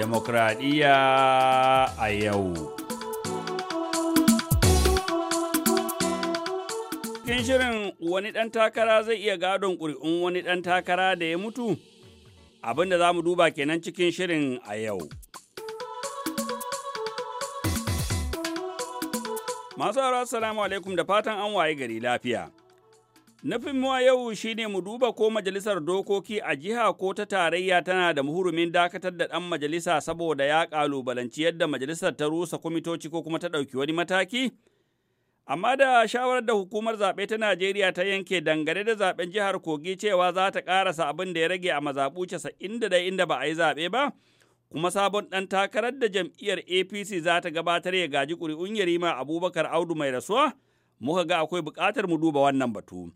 demokradiyya a yau. Cikin shirin wani ɗan takara zai iya gadon ƙuri'un wani ɗan takara da ya mutu? Abinda da za mu duba kenan cikin shirin a yau. Masu Assalamu alaikum da fatan an waye gari lafiya. Nufinmuwa yau shi ne mu duba ko majalisar dokoki a jiha ko ta tarayya tana da muhurumin dakatar da ɗan majalisa saboda ya ƙalubalanci yadda majalisar ta rusa kwamitoci ko kuma ta ɗauki wani mataki? Amma da shawarar da hukumar zaɓe ta Najeriya ta yanke dangane da zaɓen jihar Kogi cewa za ta ƙarasa abin da ya rage a mazaɓu casa'in da inda ba a yi zaɓe ba, kuma sabon ɗan takarar da jam'iyyar APC za ta gabatar ya gaji ƙuri'un Yarima Abubakar Audu mai rasuwa, muka ga akwai buƙatar mu duba wannan batu.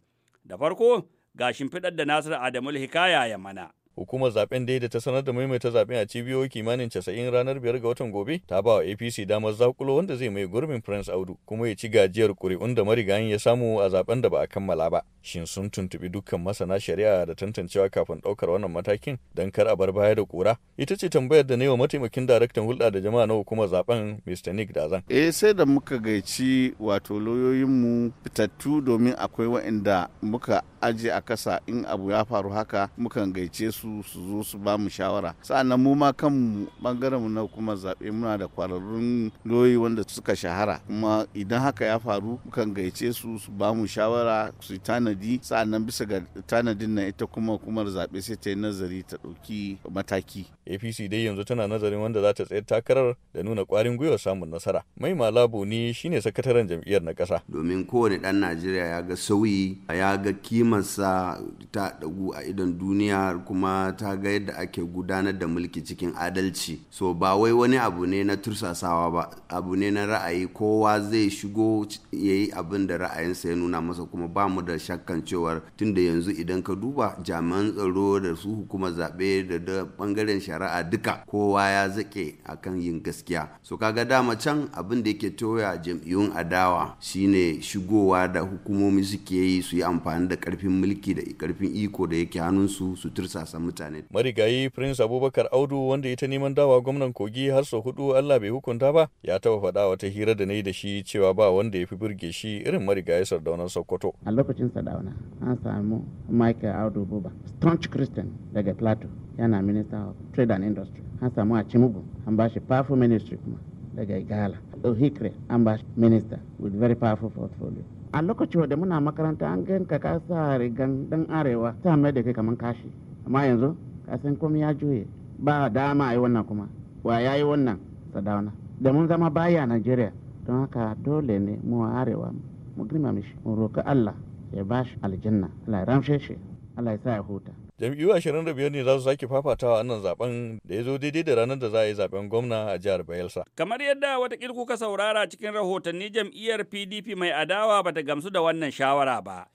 Da farko ga shimfiɗar da Nasiru Adamul Hikaya ya mana. hukumar zaben da ta sanar da maimaita zaben a cibiyoyi kimanin 90 ranar biyar ga watan gobe ta ba wa apc damar zakulo wanda zai mai gurbin prince audu kuma ya ci gajiyar ƙuri'un da marigayin ya samu a zaben da ba a kammala ba shin sun tuntubi dukkan masana shari'a da tantancewa kafin ɗaukar wannan matakin don kar a bar baya da kura ita ce tambayar da ne wa mataimakin daraktan hulɗa da jama'a na hukumar zaben mr nick dazan eh sai da muka gaici wato lauyoyinmu fitattu domin akwai waɗanda muka aje a kasa in abu ya faru haka mukan gaice su su zo su ba mu shawara sa'annan mu ma kanmu bangaren mu na hukumar zaɓe muna da kwararrun lauyoyi wanda suka shahara kuma idan haka ya faru mukan gaice su su ba mu shawara su tana tanadi sa'annan bisa ga tanadin nan ita kuma hukumar zaɓe sai ta yi nazari ta ɗauki mataki apc dai yanzu tana nazarin wanda za ta tsayar takarar da nuna kwarin gwiwa samun nasara mai malabu ne shine sakataren jam'iyyar na ƙasa domin kowane ɗan najeriya ya ga sauyi ya ga kimarsa ta ɗagu a idon duniya kuma ta ga yadda ake gudanar da mulki cikin adalci so ba wai wani abu ne na tursasawa ba abu ne na ra'ayi kowa zai shigo ya yi abin da ra'ayinsa ya nuna masa kuma ba mu da shakkan cewar tunda yanzu idan ka duba jami'an tsaro da su hukumar zaɓe da bangaren shari'a duka kowa ya zake kan yin gaskiya so ga dama can abin da yake toya jam'iyyun adawa shine shigowa da hukumomi suke yi su yi amfani da karfin mulki da karfin iko da yake hannunsu su tursasa mutane marigayi prince abubakar audu wanda ita neman dawa gwamnan kogi har sau hudu allah bai hukunta ba ya taba faɗa wata hira da na yi da shi cewa ba wanda ya fi burge shi irin marigayi sardaunan sokoto a lokacin sadauna an samu michael audu buba staunch christian daga plateau yana minister of trade and industry an samu a cimugu an ba shi powerful ministry kuma daga igala hikre an ba shi minister with very powerful portfolio a lokacin da muna makaranta an gan ka kasa rigan dan arewa ta mai da kai kaman kashi amma yanzu ka san komai ya juye ba dama yi wannan kuma wa ya yi wannan sadauna da mun zama baya najeriya don haka dole ne mu arewa mu girmama shi mu roƙi allah ya ba shi aljanna allah ya ramshe shi allah ya sa ya huta jam'iyyu 25 ne za su sake fafatawa wannan zaben da ya zo daidai da ranar da za a yi zaben gwamna a jihar bayelsa kamar yadda watakila kuka saurara cikin rahotanni jam'iyyar pdp mai adawa bata gamsu da wannan shawara ba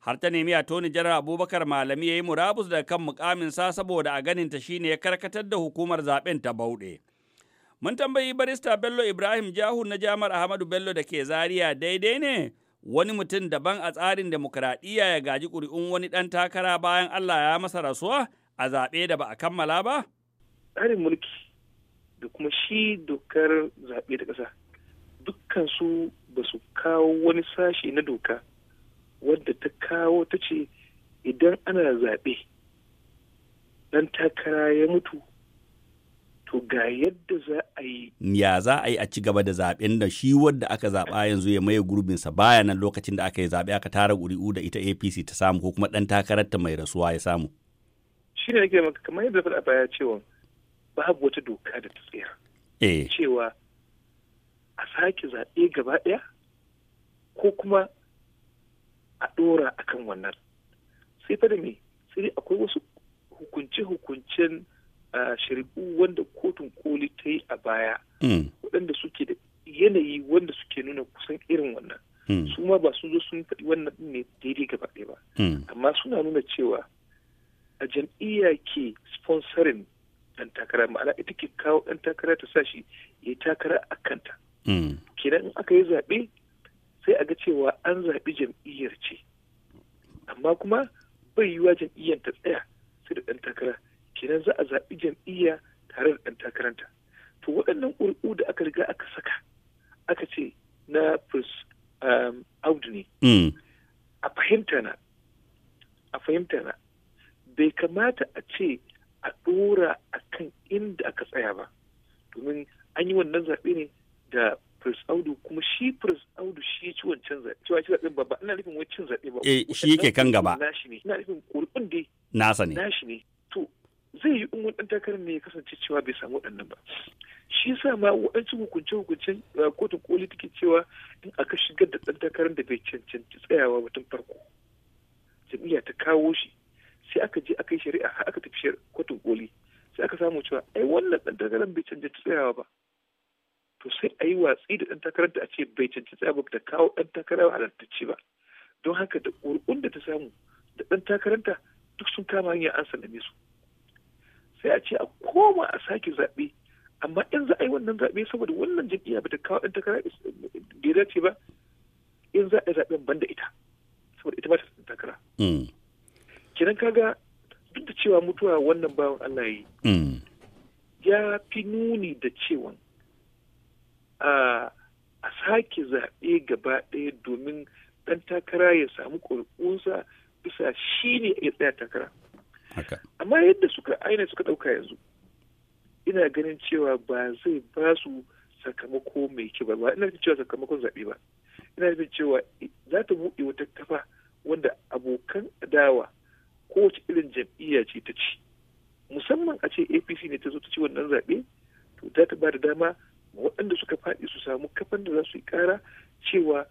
har ta nemi a toni jarar abubakar malami ya yi murabus daga kan mukamin sa saboda a ganin ta shine ya karkatar da hukumar zaben ta bauɗe mun tambayi barista bello ibrahim jahu na jamar ahmadu bello da ke zaria daidai ne wani mutum daban a tsarin demokuraɗiyya ya gaji ƙuri'un wani ɗan takara bayan Allah ya masa rasuwa a zaɓe da ba a kammala ba? Tsarin mulki da kuma shi dokar zaɓe da ƙasa dukkan su ba su kawo wani sashi na doka wadda ta kawo ta ce idan ana zaɓe ɗan takara ya mutu to ga yadda za a yi ya za a yi a ci gaba da zaben da shi wadda aka zaba yanzu ya maye gurbinsa baya nan lokacin da aka yi zaɓe aka tara ƙuri'u da ita APC ta samu ko kuma dan ta mai rasuwa ya samu shi ne nake maka kamar yadda faɗa baya cewa babu wata doka da ta tsaya eh cewa a sake zaɓe gaba ɗaya ko kuma a ɗora akan wannan sai fa da me sai akwai wasu hukunce-hukuncen shari'u wanda kotun koli ta yi a baya hmm. waɗanda suke da yanayi wanda suke nuna kusan irin wannan hmm. su ma ba su zo sun faɗi wannan ɗin ne daidai gaba ɗaya ba hmm. amma suna nuna cewa a jam'iyya ke sponsorin ɗan takara ma'ana ita ke kawo ɗan takara ta sa shi ya takara a kanta kenan in aka yi zaɓe sai a ga cewa an zaɓi jam'iyyar ce amma kuma bai yiwuwa jam'iyyar ta tsaya sai da ɗan takara kenan za a zaɓi jam'iyya tare da ɗan takaranta to waɗannan ƙuri'u da aka riga aka saka aka ce na prince um, audu ne hmm. a fahimta na a fahimta na bai kamata a ce a ɗora a kan inda aka tsaya ba domin an yi wannan zaɓe ne da Prince Audu kuma shi Prince Audu shi ci wancan zaɓe. Cewa ci zaɓen ba ba ina nufin wai cin zaɓe ba. Eh shi yake kan gaba. Nashi ne. Ina nufin ƙuri'un dai. Nasa ne. Nashi ne. zai yi in ɗan takarar ne ya kasance cewa bai samu waɗannan ba shi sa ma waɗansu hukunce hukuncen uh, kotun koli take cewa in aka shigar da ɗan takarar da bai cancanci tsayawa batun farko jam'iyya ta kawo shi sai aka je aka yi shari'a har aka tafi kotun koli sai aka samu cewa ai wannan ɗan takarar bai cancanci tsayawa ba to sai a yi watsi da ɗan takarar da a ce bai cancanci tsayawa ba ta kawo ɗan takarar halartacce ba don haka da ƙuri'un da ta samu da ɗan takararta duk sun kama hanyar an sallame su sai a ce a koma a sake zaɓe amma in za a yi wannan zaɓe saboda wannan jam'iyya ba ta kawo ɗan takara da ya ba in za a yi zaɓen banda ita saboda ita ba ta ɗan takara. Hmm. Kiran kaga duk da cewa mutuwa wannan bawan Allah ya yi. Hmm. Ya fi nuni da cewa a sake zaɓe gaba ɗaya domin ɗan takara ya samu ƙuri'unsa bisa shi ne ya tsaya takara. amma yadda suka aina suka ɗauka yanzu ina ganin cewa ba zai ba su sakamako mai kyau ba ina ganin cewa sakamakon zaɓe ba ina ganin cewa za ta buɗe wata kafa wanda abokan adawa kowace irin jam'iyya ce ta ci musamman a ce apc ne ta zo ta ci wannan zaɓe to za ta ba da dama waɗanda suka faɗi su samu kafan da za su yi ƙara cewa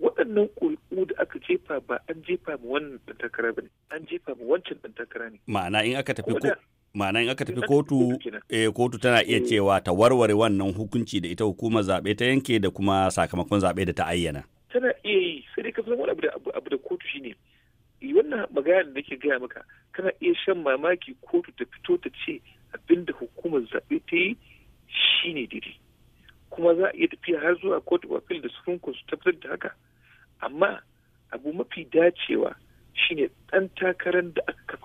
waɗannan ƙulƙu da aka jefa ba an jefa mu wannan ɗan takara ba ne an jefa mu wancan ɗan takara ne ma'ana in aka tafi ko ma'ana in aka tafi kotu eh, kotu tana iya eh. cewa ta warware wannan hukunci da ita hukumar zaɓe ta yanke da kuma sakamakon zaɓe da ta ayyana tana iya yi sai dai ka san wani abu da kotu shine eh, wannan magana da nake gaya maka kana iya shan mamaki kotu ta fito ta ce abinda hukumar zaɓe ta yi shine daidai kuma za a iya tafiya har zuwa kotu of appeal da supreme su tabbatar da haka amma abu mafi dacewa shine ɗan takarar da aka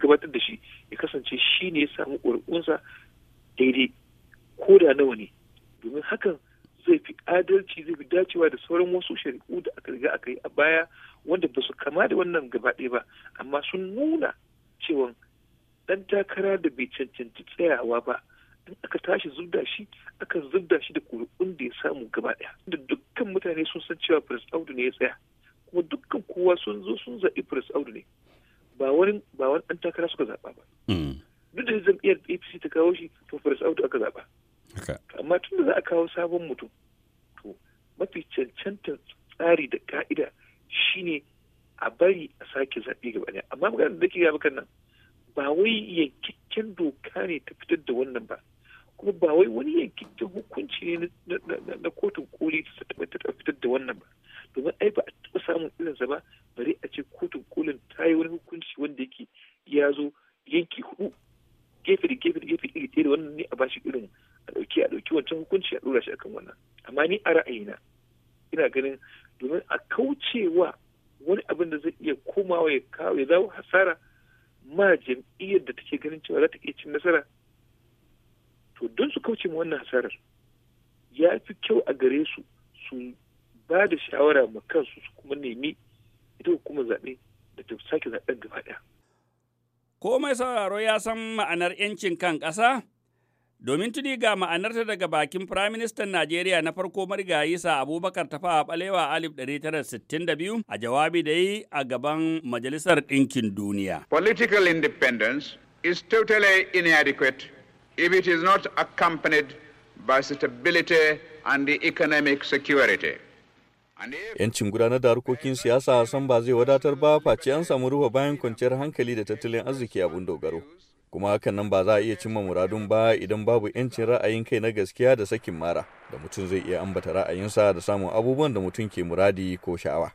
gabatar da shi ya kasance shi ne ya samu ƙuri'unsa daidai ko da nawa ne domin hakan zai fi adalci zai fi dacewa da sauran wasu shari'u da aka riga aka yi a baya wanda ba su kama da wannan gaba ba amma sun nuna cewa ɗan takara da bai cancanci tsayawa ba in aka tashi zubda shi aka zubda shi da ƙuri'un da ya samu gaba ɗaya da duk dukkan mutane sun san cewa prince audu ne ya tsaya kuma dukkan kowa sun zo sun zaɓi prince audu ne ba wani ba wani ɗan takara suka zaɓa ba hmm. duk da jam'iyyar apc ta kawo shi to prince audu aka zaɓa amma tun da za a kawo sabon mutum to mafi cancantar tsari da ka'ida shine a bari a sake zaɓe gaba ɗaya amma maganar da ke gaba nan ba wai yankakken doka ne ta fitar da wannan ba kuma ba wai wani yankin hukunci ne na kotun koli ta fitar da wannan ba domin ai ba a taɓa samun irinsa ba bari a ce kotun kolin ta yi wani hukunci wanda yake ya zo yanki hudu gefe da gefe da gefe iri ɗaya da wannan ne a bashi irin a ɗauki a ɗauki wancan hukunci a ɗora shi akan wannan amma ni a ra'ayina ina ganin domin a kaucewa wani abin da zai iya komawa ya kawo ya zawo hasara ma jam'iyyar da take ganin cewa za ta iya cin nasara to don su kauce ma wannan hasarar ya fi kyau a gare su su ba da shawara ma kansu su kuma nemi ita hukumar zaɓe da ta sake zaɓen gaba ɗaya. Komai sauraro ya san ma'anar 'yancin kan ƙasa? Domin tuni ga ma'anarta daga bakin Firaministan Najeriya na farko marigayi sa Abubakar Tafawa Balewa alif 1962 a jawabi da yi a gaban Majalisar Ɗinkin Duniya. Political independence is totally inadequate if it is not accompanied by stability and the economic security. Yancin gudanar da harkokin siyasa san ba zai wadatar ba face an samu rufe bayan kwanciyar hankali da tattalin arziki abun dogaro. Kuma hakan nan ba za a iya cimma muradun ba idan babu yancin ra'ayin kai na gaskiya da sakin mara da mutum zai iya ambata ra'ayinsa da samun abubuwan da mutum ke muradi ko sha'awa.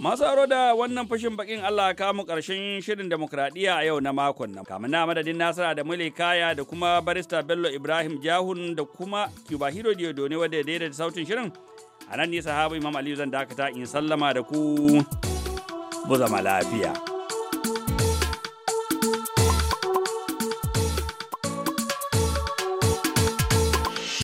Masu aro da wannan fashin bakin Allah kamu ƙarshen shirin demokradiyya a yau na makon nan. Kamun na madadin Nasara da Mule Kaya da kuma barista Bello Ibrahim Jahun da kuma Cuba Hiro Diodo ne wadda ya daidaita sautin shirin. A nan ne sahabu Imam Aliyu zan dakata in sallama da ku zama lafiya.